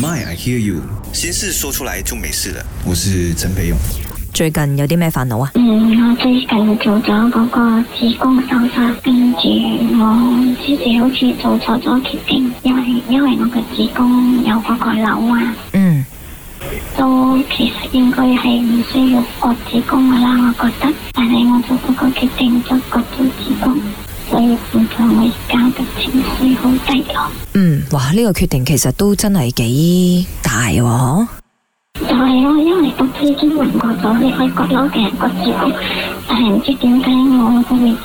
My, I hear you。心事說出來就沒事了。我是陳培勇。最近有啲咩煩惱啊？嗯，我最近做咗嗰個子宮手術，跟住我之前好似做錯咗決定，因為因為我嘅子宮有嗰個瘤啊。嗯，都其實應該係唔需要割子宮噶啦，我覺得，但係我做咗個決定，就割咗子宮。我亦唔同你交得情緒好低咯、啊。嗯，哇，呢、呢個決定其實都真係幾大喎。係咯，因為我自己過咗，亦係覺得嘅個樣，但係唔知點解我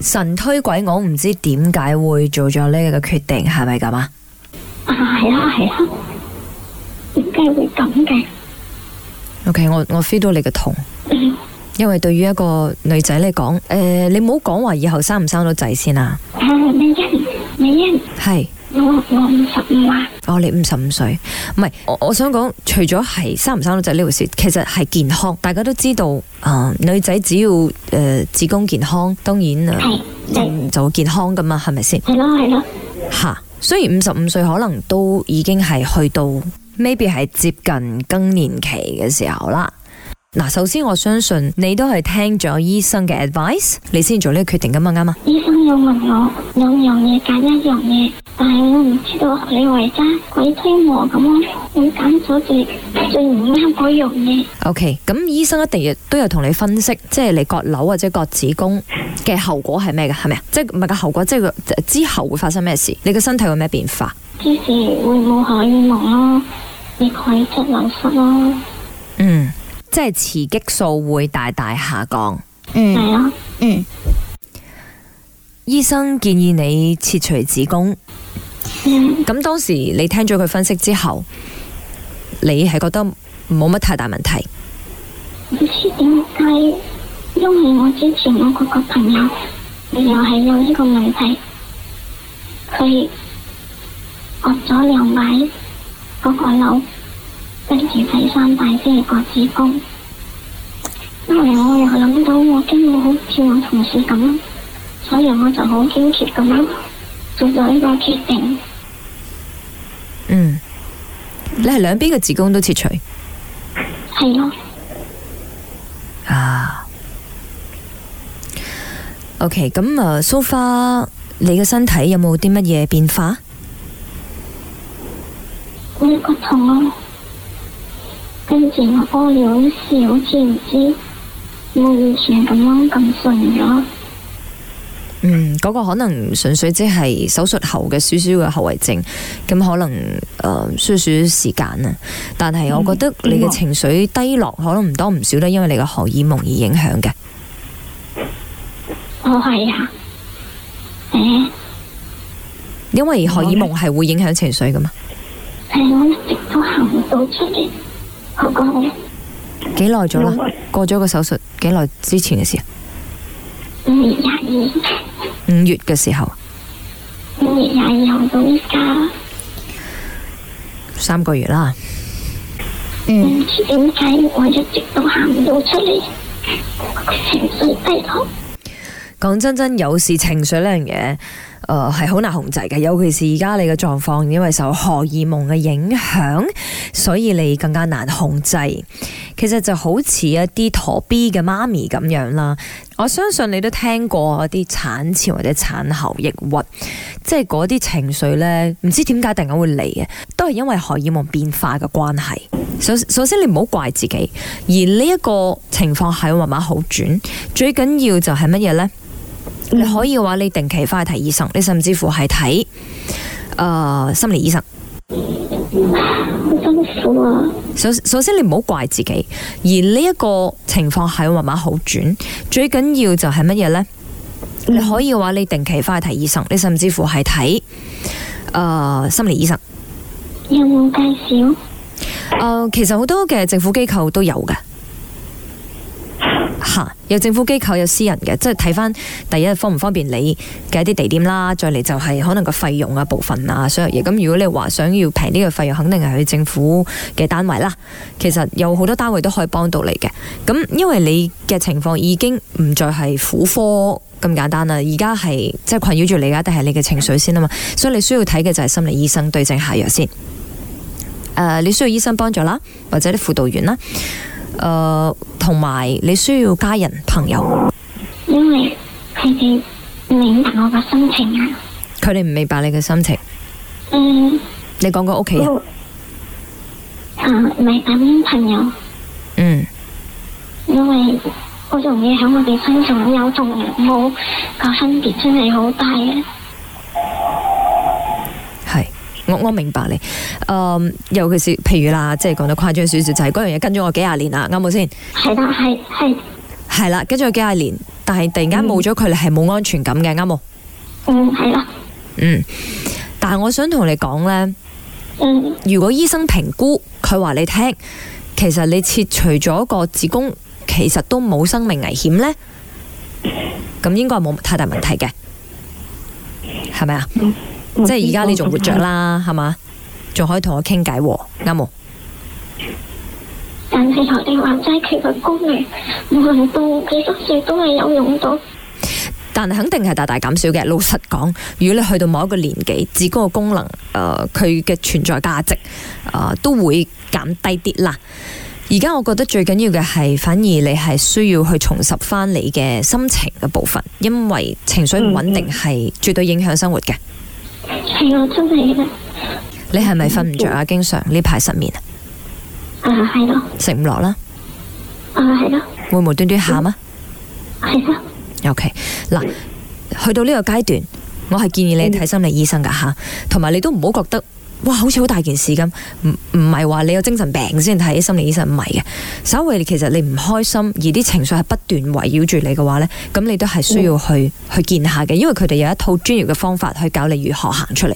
神推鬼我，唔知點解會做咗呢個決定，係咪咁啊？係、okay, 啦，係啦，點解會咁嘅？O K，我我 feel 到你嘅痛。因為對於一個女仔嚟講，誒，你唔好講話以後生唔生到仔先啦、啊。係、uh,，我我五十五啊。哦，你五十五歲，唔係，我想講，除咗係生唔生到仔呢回事，其實係健康。大家都知道，啊、呃，女仔只要誒、呃、子宮健康，當然、嗯、就健康噶嘛，係咪先？係咯，係咯。吓、啊，雖然五十五歲可能都已經係去到 maybe 係接近更年期嘅時候啦。嗱，首先我相信你都係聽咗醫生嘅 advice，你先做呢個決定噶嘛？啱啊！醫生有問我兩樣嘢揀一樣嘢，但係我唔知道佢為真，鬼推磨咁咯，我揀咗最最唔啱嗰樣嘢。O K，咁醫生一定亦都有同你分析，即係你割瘤或者割子宮嘅後果係咩嘅？係咪啊？即係唔係個後果，即係之後會發生咩事？你個身體會有咩變化？之前會可以咽囊你可以液樓室啦。嗯。即係雌激素會大大下降。嗯，係啊，嗯。醫生建議你切除子宮。咁、嗯、當時你聽咗佢分析之後，你係覺得冇乜太大問題。唔知點解？因為我之前我嗰個朋友又係有呢個問題，佢割咗兩位嗰個瘤。跟住第三大姐個子宮，因為我又諗到我驚我好似我同事咁，所以我就好堅決咁樣，做咗呢個決定。嗯，你係兩邊嘅子宮都切除，係咯？啊，OK，咁啊，so far，你嘅身體有冇啲乜嘢變化？我個痛啊！跟住我屙尿時，好似唔知冇以前咁彎咁順咗。嗯，嗰個可能純粹即係手術後嘅少少嘅後遺症，咁可能誒需要少少時間啊。但係我覺得你嘅情緒低落，可能唔多唔少都因為你嘅荷爾蒙而影響嘅。我係啊，誒，因為荷爾蒙係會影響情緒噶嘛。係我一直都行唔到出嚟。好幾耐咗啦？過咗個手術幾耐之前嘅事啊？五月廿二，五月嘅時候。五月廿二我到依家，三個月啦。嗯，點解我一直都行唔到出嚟？情緒低落。講真真有事，情緒呢樣嘢。誒、呃，係好難控制嘅，尤其是而家你嘅狀況，因為受荷爾蒙嘅影響，所以你更加難控制。其實就好似一啲陀 B 嘅媽咪咁樣啦。我相信你都聽過啲產前或者產後抑鬱，即係嗰啲情緒呢，唔知點解突然間會嚟嘅，都係因為荷爾蒙變化嘅關係。首首先，你唔好怪自己，而呢一個情況係會慢慢好轉。最緊要就係乜嘢呢？你可以嘅話，你定期翻去睇醫生，你甚至乎係睇誒心理醫生。首、啊、首先，你唔好怪自己，而呢一個情況係慢慢好轉。最緊要就係乜嘢呢、嗯？你可以嘅話，你定期翻去睇醫生，你甚至乎係睇誒心理醫生。有冇介紹？誒、呃，其實好多嘅政府機構都有嘅。啊、有政府機構有私人嘅，即係睇翻第一方唔方便你嘅一啲地點啦，再嚟就係可能個費用啊部分啊所有嘢。咁如果你話想要平啲嘅費用，肯定係去政府嘅單位啦。其實有好多單位都可以幫到你嘅。咁因為你嘅情況已經唔再係婦科咁簡單啦，而家係即係困擾住你啊定係你嘅情緒先啊嘛。所以你需要睇嘅就係心理醫生對症下藥先。誒、呃，你需要醫生幫助啦，或者啲輔導員啦。誒、呃，同埋你需要家人朋友，因為佢哋明白我嘅心情啊。佢哋唔明白你嘅心情。嗯，你講過屋企人。誒，唔係咁朋友。嗯，因為好容易喺我哋身上有同冇嘅分別，真係好大啊。我明白你，嗯，尤其是譬如啦，即係講得誇張少少，就係嗰樣嘢跟咗我幾廿年啦，啱冇先？係啦，係係係啦，跟咗我幾廿年，但係突然間冇咗佢，你係冇安全感嘅，啱冇？嗯，係啦，嗯，但係我想同你講呢，嗯，如果醫生評估，佢話你聽，其實你切除咗個子宮，其實都冇生命危險呢，咁應該冇太大問題嘅，係咪啊？嗯即係而家你仲活着啦，係、嗯、嘛？仲可以同我傾偈，啱冇？但係我哋話齋，其實功能無論到幾多歲都係有用到。但係肯定係大大減少嘅。老實講，如果你去到某一個年紀，子宮嘅功能，誒、呃，佢嘅存在價值，誒、呃，都會減低啲啦。而家我覺得最緊要嘅係，反而你係需要去重拾翻你嘅心情嘅部分，因為情緒唔穩定係絕對影響生活嘅。嗯嗯係我真你係咪瞓唔着啊？經常呢排失眠啊？啊係咯。食唔落啦？啊係咯。會無端端喊啊？係啊。O K 嗱，去到呢個階段，我係建議你睇心理醫生噶吓，同、嗯、埋你都唔好覺得。哇，好似好大件事咁，唔唔係話你有精神病先睇心理醫生，唔係嘅，稍為其實你唔開心而啲情緒係不斷圍繞住你嘅話呢，咁你都係需要去、嗯、去見下嘅，因為佢哋有一套專業嘅方法去教你如何行出嚟。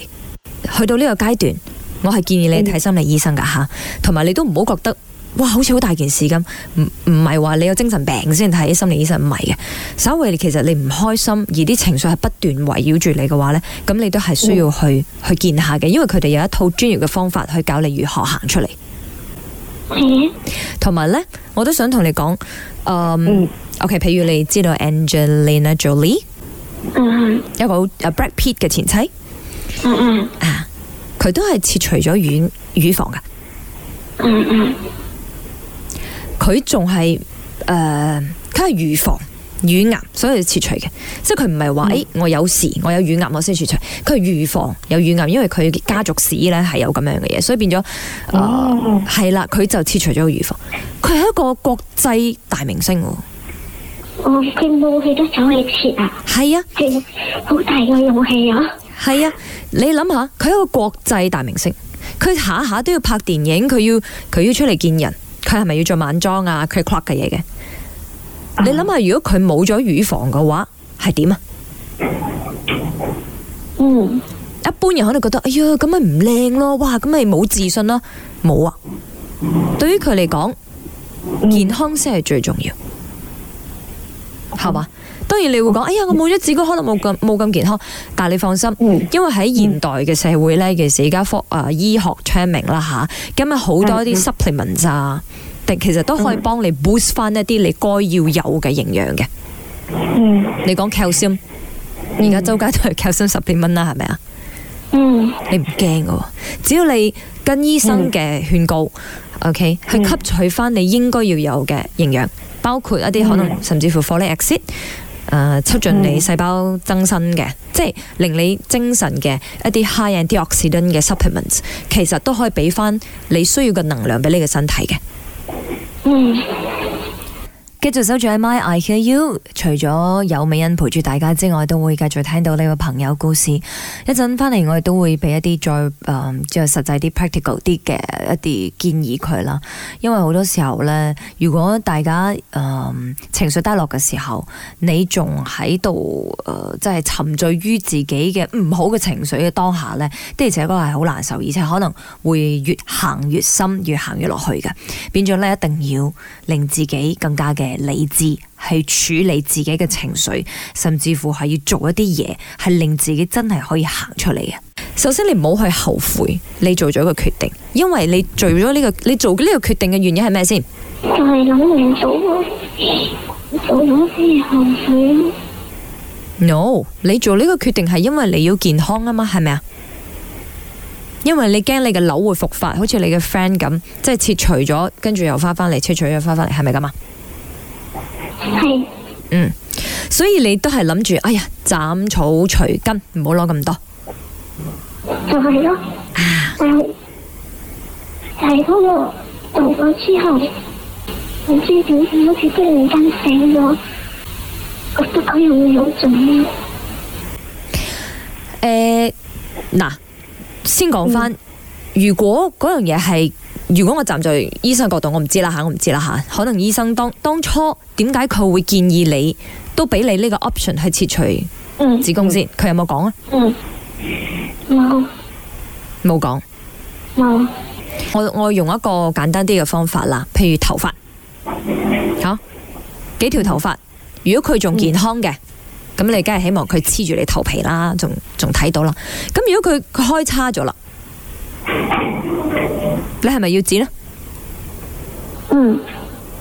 去到呢個階段，我係建議你睇心理醫生噶吓，同、嗯、埋你都唔好覺得。哇，好似好大件事咁，唔唔係話你有精神病先睇心理醫生，唔係嘅。稍微其實你唔開心，而啲情緒係不斷圍繞住你嘅話呢，咁你都係需要去、嗯、去見下嘅，因為佢哋有一套專業嘅方法去教你如何行出嚟。同、嗯、埋呢，我都想同你講，誒、um, 嗯、OK，譬如你知道 Angelina Jolie，嗯，一個 Brad Pitt 嘅前妻，佢、嗯啊、都係切除咗乳，乳房噶，嗯佢仲係誒，佢係預防乳癌，所以要切除嘅。即係佢唔係話誒，我有事，我有乳癌，我先切除。佢係預防有乳癌，因為佢家族史咧係有咁樣嘅嘢，所以變咗誒係啦。佢、呃哦、就切除咗個預防。佢係一個國際大明星。哦，佢冇幾多勇氣切啊。係啊，好大嘅勇氣啊！係啊，你諗下，佢係一個國際大明星，佢下下都要拍電影，佢要佢要出嚟見人。佢係咪要做晚裝啊？佢係 club 嘅嘢嘅，uh -huh. 你諗下，如果佢冇咗乳房嘅話，係點啊？嗯、mm -hmm.，一般人可能覺得，哎呀，咁咪唔靚咯，哇，咁咪冇自信咯，冇啊。Mm -hmm. 對於佢嚟講，mm -hmm. 健康先係最重要，係、okay. 嘛？當然你會講，哎呀，我冇咗子宮，可能冇咁冇咁健康。但係你放心，因為喺現代嘅社會呢，其實而家科啊醫學昌明啦吓，咁啊好多啲 supplements 啊，其實都可以幫你 boost 翻一啲你該要有嘅營養嘅、嗯。你講 calcium，而、嗯、家周街都係 calcium 十幾蚊啦，係咪啊？你唔驚嘅，只要你跟醫生嘅勸告、嗯、OK，去吸取翻你應該要有嘅營養，包括一啲可能甚至乎 folate e x c e s 誒、呃、促進你細胞增生嘅，即係令你精神嘅一啲 high end oxygen 嘅 supplements，其實都可以俾翻你需要嘅能量俾你嘅身體嘅。嗯。繼續守住 my I hear you，除咗有美恩陪住大家之外，都會繼續聽到呢個朋友故事。一陣翻嚟，我哋都會俾一啲再誒即係實際啲、practical 啲嘅一啲建議佢啦。因為好多時候咧，如果大家誒、呃、情緒低落嘅時候，你仲喺度誒即係沉醉於自己嘅唔好嘅情緒嘅當下咧，的而且確係好難受，而且可能會越行越深，越行越落去嘅。變咗咧，一定要令自己更加嘅。理智去處理自己嘅情緒，甚至乎係要做一啲嘢，係令自己真係可以行出嚟嘅。首先，你唔好去後悔你做咗一個決定，因為你做咗呢個你做呢個決定嘅原因係咩先？就係諗唔到後悔 No，你做呢個決定係因為你要健康啊嘛？係咪啊？因為你驚你嘅瘤會復發，好似你嘅 friend 咁，即係切除咗，跟住又翻返嚟，切除咗，翻返嚟，係咪咁啊？係，嗯，所以你都係諗住，哎呀，斬草除根，唔好攞咁多，就係、是、咯。但係嗰個做咗之後，我知點，好似只唔敢死咗，我覺得感到有好重。誒、呃，嗱，先講翻、嗯，如果嗰樣嘢係。如果我站在醫生角度，我唔知啦吓，我唔知啦吓。可能醫生當當初點解佢會建議你都俾你呢個 option 去切除子宮先？佢有冇講啊？嗯，冇、嗯，冇講，冇、嗯嗯嗯。我我用一個簡單啲嘅方法啦，譬如頭髮，好、嗯啊、幾條頭髮，如果佢仲健康嘅，咁、嗯、你梗係希望佢黐住你頭皮啦，仲仲睇到啦。咁如果佢開叉咗啦？嗯你係咪要剪啊、嗯？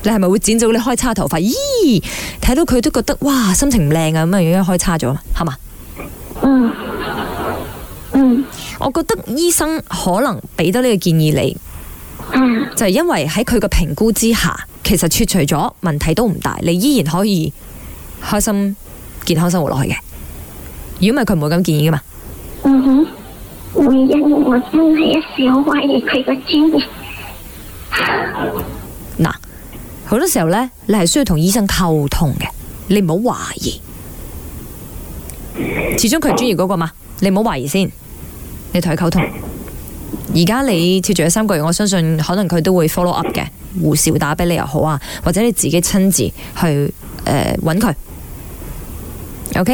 你係咪會剪咗你的開叉頭髮？咦，睇到佢都覺得哇，心情唔靚啊咁啊，因為開叉咗嘛，係嘛？嗯，嗯，我覺得醫生可能俾得呢個建議你、嗯，就係、是、因為喺佢嘅評估之下，其實切除咗問題都唔大，你依然可以開心健康生活落去嘅。如果唔係，佢唔會咁建議噶嘛？嗯哼。我因我真係一時好懷疑佢個專業。嗱，好多時候呢，你係需要同醫生溝通嘅，你唔好懷疑。始終佢係專業嗰個嘛，你唔好懷疑先。你同佢溝通。而家你跳住咗三個月，我相信可能佢都會 follow up 嘅，護士會打俾你又好啊，或者你自己親自去誒搵佢。呃 OK，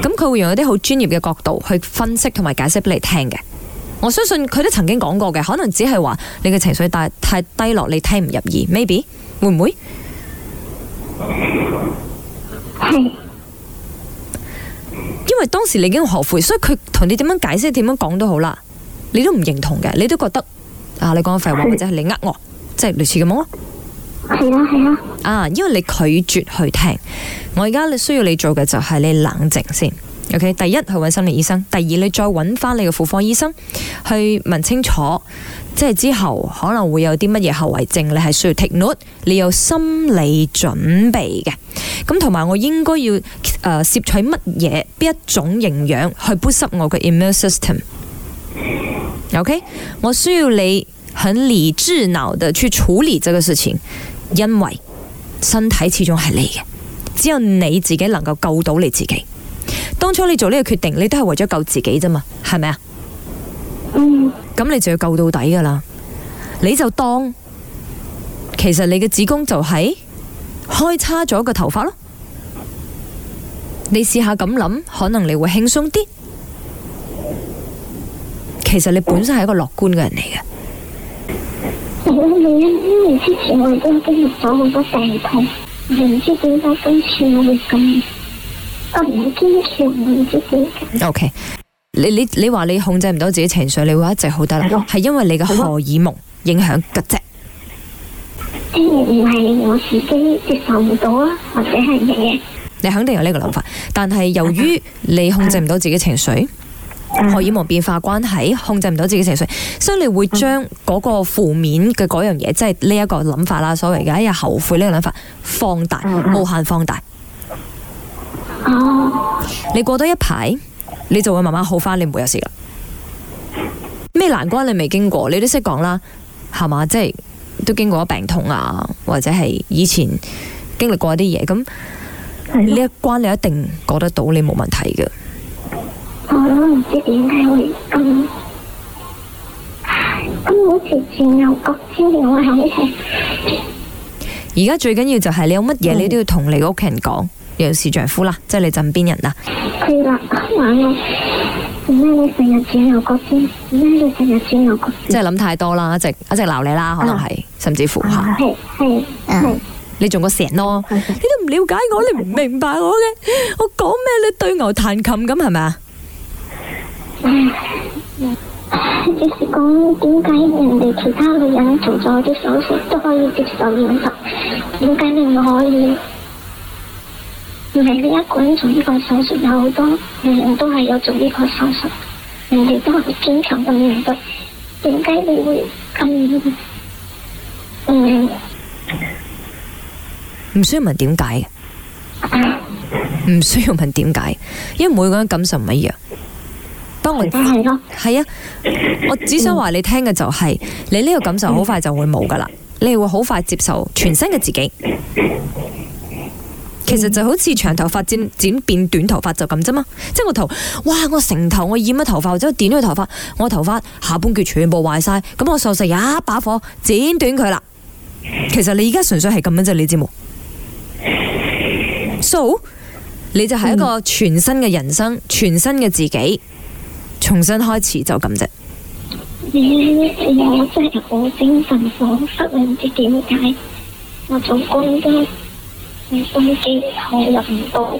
咁佢會用一啲好專業嘅角度去分析同埋解釋俾你聽嘅。我相信佢都曾經講過嘅，可能只係話你嘅情緒太太低落，你聽唔入耳，maybe 會唔會？ 因為當時你已經後悔，所以佢同你點樣解釋、點樣講都好啦，你都唔認同嘅，你都覺得啊，你講嘅廢話 或者係你呃我，即係類似咁咯。係啊係啊，啊，因為你拒絕去聽，我而家你需要你做嘅就係你冷靜先，OK？第一去揾心理醫生，第二你再揾翻你嘅婦科醫生去問清楚，即係之後可能會有啲乜嘢後遺症，你係需要 take note，你有心理準備嘅，咁同埋我應該要誒攝取乜嘢？邊一種營養去 boost 我嘅 immune system？OK？Okay？我需要你很理智腦地去處理呢個事情。因為身體始終係你嘅，只有你自己能夠救到你自己。當初你做呢個決定，你都係為咗救自己啫嘛，係咪啊？嗯，咁你就要救到底噶啦。你就當其實你嘅子宮就係開叉咗個頭髮咯。你試下咁諗，可能你會輕鬆啲。其實你本身係一個樂觀嘅人嚟嘅。因因為之前我已經經歷咗好多病痛，唔知點解咁脆弱咁，咁唔唔知，知 O、okay. K，你你你話你控制唔到自己情緒，你會一直好得啦，係因為你嘅荷爾蒙影響嘅啫。即係唔係我自己接受唔到啊，或者係乜嘢？你肯定有呢個諗法，但係由於你控制唔到自己情緒。啊啊學以忘變化關係，控制唔到自己的情緒，所以你會將嗰個負面嘅嗰樣嘢，即係呢一個諗法啦，所謂嘅一日後悔呢個諗法放大，無限放大。你過多一排，你就會慢慢好翻，你唔會有事啦。咩難關你未經過，你都識講啦，係嘛？即係都經過咗病痛啊，或者係以前經歷過一啲嘢，咁呢一關你一定過得到，你冇問題嘅。我都唔知點解會咁，咁好似轉牛角先定我係咩？而 家最緊要就係你有乜嘢你都要同你屋企人講，尤其是丈夫啦，即係你枕邊人啊。係啦，我咩你你即係諗太多啦，一直一直鬧你啦，可能係甚至乎係。係 你仲個成咯？你都唔了解我，你唔明白我嘅，我講咩你對牛彈琴咁係咪啊？即、嗯、就是講點解人哋其他女人做咗啲手術都可以接受現實，點解你唔可以？唔係你一個人做呢個手術，有好多女人都係有做呢個手術，人哋都係堅強咁面對，點解你會咁？唔、嗯、唔需要問點解，唔需要問點解，因為每個人感受唔一樣。幫我翻去咯，係啊！我只想話你聽嘅就係、是嗯，你呢個感受好快就會冇噶啦，你會好快接受全新嘅自己。其實就好似長頭髮剪剪變短頭髮就咁啫嘛，即係我頭，哇！我成頭我染咗頭髮或者我剪咗頭髮，我頭髮下半截全部壞晒，咁我受晒一把火剪短佢啦。其實你純而家純粹係咁樣啫，你知冇？So，你就係一個全新嘅人生，嗯、全新嘅自己。重新開始就咁啫。我真係好精神恍惚，唔知點解我做工作唔心機，入唔到。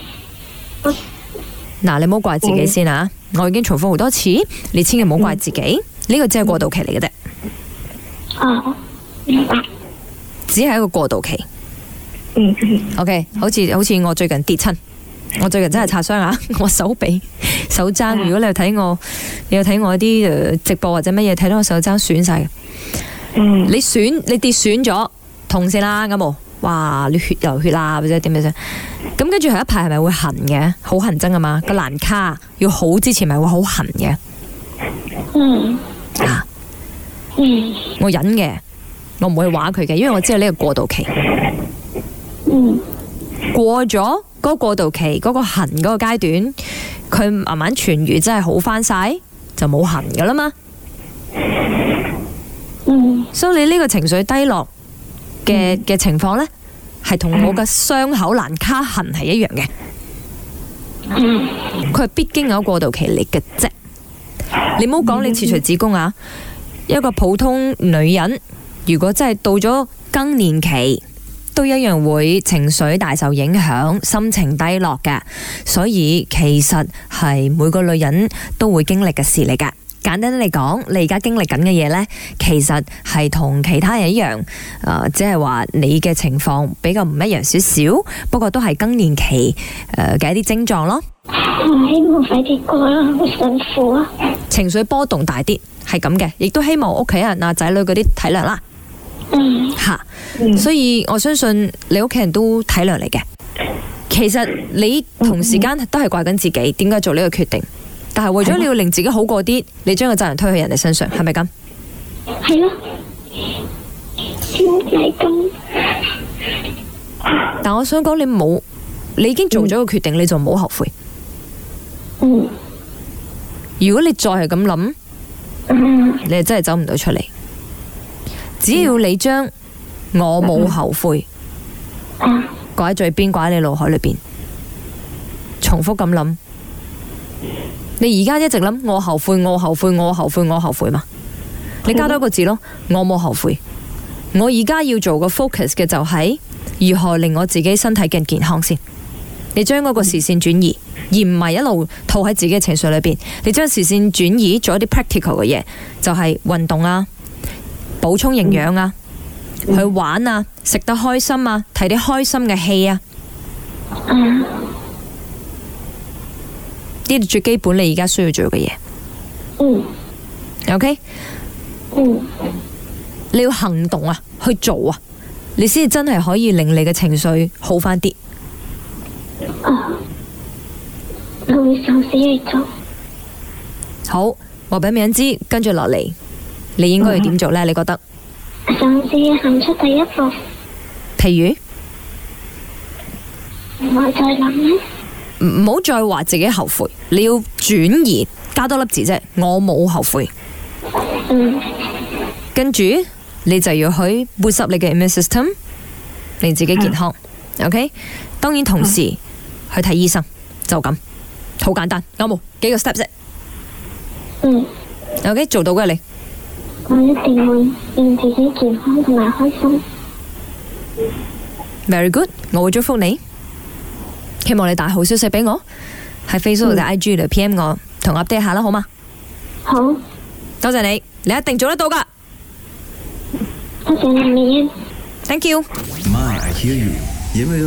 嗱，你唔好怪自己先吓，啊嗯，我已經重複好多次，你千祈唔好怪自己，呢，嗯，這個只係過渡期嚟嘅啫。啊，明白。只係一個過渡期。嗯，OK，好似好似我最近跌親。我最近真係擦傷啊！我手臂手踭，如果你有睇我，你有睇我啲直播或者乜嘢，睇到我的手踭損晒。嗯，你損你跌損咗痛先啦，阿毛、啊，哇，你血流血啊，或者點樣先？咁跟住係一排係咪會痕嘅？好痕憎啊嘛，那個蘭卡要好之前咪會好痕嘅。嗯。啊。嗯。我忍嘅，我唔會話佢嘅，因為我知道呢個過渡期。嗯。過咗嗰過渡期，嗰、嗰個痕嗰個階段，佢慢慢痊愈，真係好翻晒，就冇痕噶啦嘛。所、嗯、以、so, 你呢個情緒低落嘅嘅、嗯、情況呢，係同我嘅傷口難卡痕係一樣嘅。佢、嗯、係必經有過渡期嚟嘅啫。你唔好講你切除子宮啊、嗯，一個普通女人如果真係到咗更年期。都一樣會情緒大受影響、心情低落嘅，所以其實係每個女人都會經歷嘅事嚟噶。簡單啲嚟講，你而家經歷緊嘅嘢呢，其實係同其他人一樣，誒、呃，即係話你嘅情況比較唔一樣少少，不過都係更年期嘅一啲症狀咯。我希望快啲過啦，好辛苦啊！情緒波動大啲係咁嘅，亦都希望屋企人啊仔女嗰啲體諒啦。吓， 所以我相信你屋企人都體諒你嘅。其實你同時間都係怪緊自己，點解做呢個決定？但係為咗你要令自己好過啲，你將個責任推去人哋身上，係咪咁？係咯，但我想講，你冇，你已經做咗個決定， 你就冇後悔。 如果你再係咁諗，你係真係走唔到出嚟。只要你將我冇後悔，掛喺嘴邊，掛喺你腦海裏邊，重複咁諗。你而家一直諗我後悔，我後悔，我後悔，我後悔嘛？你加多一個字咯，我冇後悔。我而家要做個 focus 嘅就係如何令我自己身體更健康先。你將嗰個視線轉移，而唔係一路套喺自己嘅情緒裏邊。你將視線轉移做一啲 practical 嘅嘢，就係運動啊。補充營養啊，嗯，去玩啊，食得開心啊，睇啲開心嘅戲啊，嗯、啊，呢啲最基本你而家需要做嘅嘢，嗯，OK，嗯，你要行動啊，去做啊，你先至真係可以令你嘅情緒好翻啲。啊，我想俾你做。好，我俾名知，跟住落嚟。你應該要點做呢？你覺得？甚至要行出第一步。譬如？我再諗。唔好再話自己後悔，你要轉移加多粒字啫。我冇後悔。嗯。跟住你就要去 boost up 你嘅 immune system，令自己健康。OK，當然同時去睇醫生就咁，好簡單。有冇幾個 step 啫。嗯。OK，做到嘅你。我一定會令自己健康同埋開心。Very good，我會祝福你。希望你帶好消息俾我，喺 Facebook 或者 IG 嚟 PM 我，同我 update 下啦，好嗎？好，多謝你，你一定做得到噶。Thank you。My I hear you，